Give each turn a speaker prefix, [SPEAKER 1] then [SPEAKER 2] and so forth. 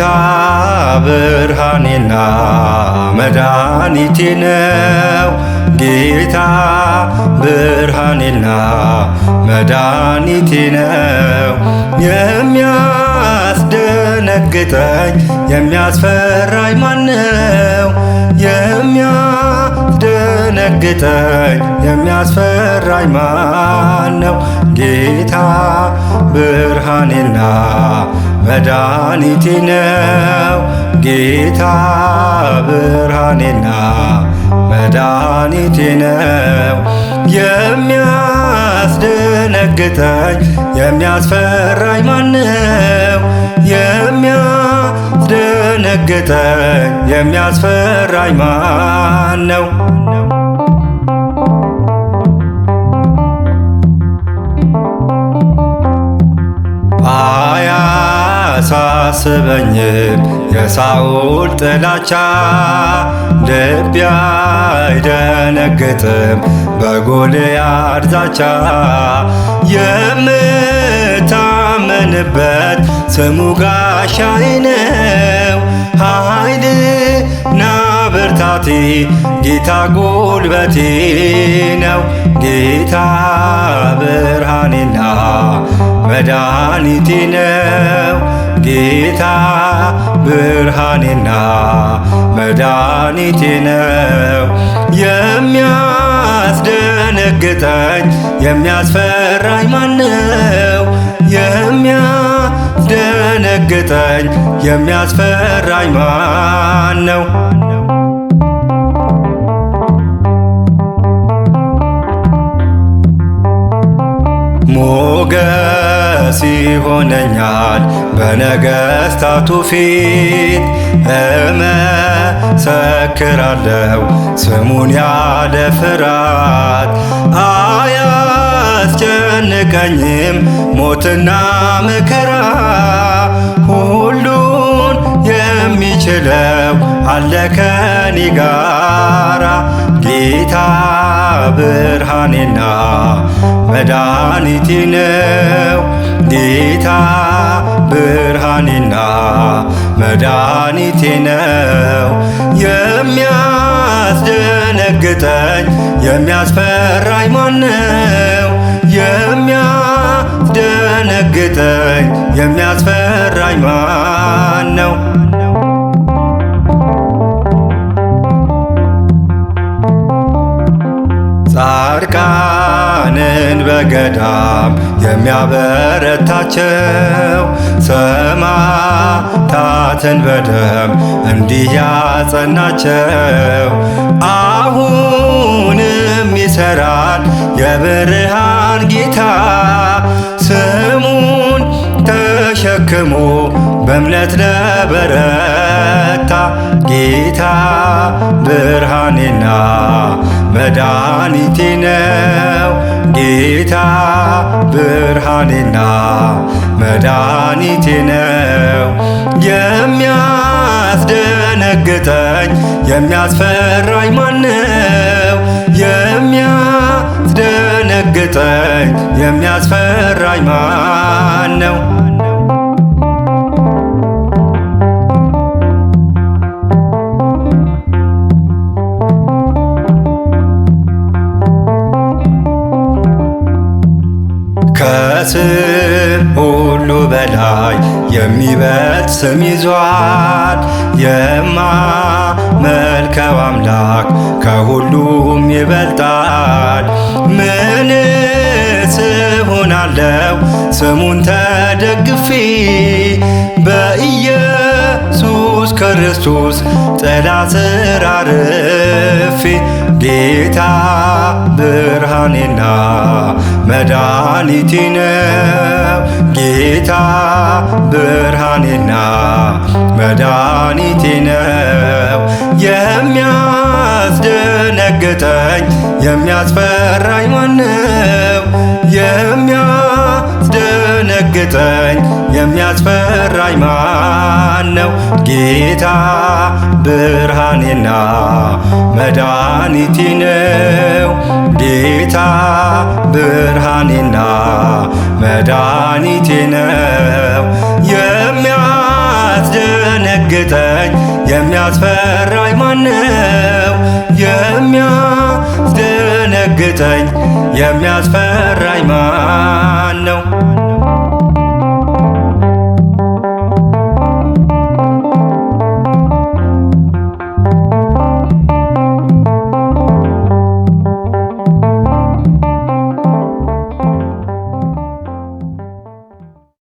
[SPEAKER 1] ጌታ ብርሃኔና መድኃኒቴ ነው። ጌታ ብርሃኔና መድኃኒቴ ነው። የሚያስደነግጠኝ የሚያስፈራኝ ማነው? የሚያስደነግጠኝ የሚያስፈራኝ ማነው? ጌታ ብርሃኔና መድኃኒቴ ነው ጌታ ብርሃኔና መድኃኒቴ ነው የሚያስደነግጠኝ የሚያስፈራኝ ማነው? የሚያስደነግጠኝ የሚያስፈራኝ ማነው ነው? አያሳስበኝም የሳኦል ጥላቻ፣ ልቤ አይደነግጥም በጎልያድ ዛቻ። የምታመንበት ስሙ ጋሻዬ ነው ኃይልና ብርታቴ ጌታ ጉልበቴ ነው ጌታ ብርሃኔና መድኃኒቴ ነው። ጌታ ብርሃኔና መድኃኒቴ ነው። የሚያስደነግጠኝ የሚያስፈራኝ ማነው? የሚያስደነግጠኝ የሚያስፈራኝ ማን ነው? ሞገ መሲህ ሆነኛል ፊት ፊት እመሰክራለሁ ስሙን ያለ ፍራት አያስጨንቀኝም ሞትና መከራ ሁሉን የሚችለው አለ ከኔ ጋራ ጌታ ብርሃኔና መድኃኒቴ ነው። ጌታ ብርሃኔና መድኃኒቴ ነው። የሚያስደነግጠኝ የሚያስፈራኝ ማነው? የሚያስደነግጠኝ የሚያስፈራኝ ማነው? በገዳም የሚያበረታቸው ሰማዕታትን በደም እንዲህ ያጸናቸው አሁንም ይሠራል የብርሃን ጌታ ስሙን ተሸክሞ በእምነት ለበረታ ጌታ ብርሃኔና መድኃኒቴ ነው። ጌታ ብርሃኔና መድኃኒቴ ነው። የሚያስደነግጠኝ የሚያስፈራኝ ማነው? የሚያስደነግጠኝ የሚያስፈራኝ ማ ከስም ሁሉ በላይ የሚበልጥ ስም ይዟል። የማመልከው አምላክ ከሁሉም ይበልጣል። ምንስ እሆናለሁ ስሙን ተደግፌ በኢየሱስ ክርስቶስ ጥላ ስር አርፌ ጌታ ብርሃኔና መድኃኒቴ ነው ጌታ ብርሃኔና መድኃኒቴ ነው የሚያስደነግጠኝ የሚያስፈራኝ ማነው? የሚያስደነግጠኝ የሚያስፈራኝ ማን ነው? ጌታ ብርሃኔና መድኃኒቴ ነው። ጌታ ብርሃኔና መድኃኒቴ ነው። የሚያስደነግጠኝ የሚያስፈራኝ ማን ነው? የሚያስደነግጠኝ የሚያስፈራኝ ማን ነው?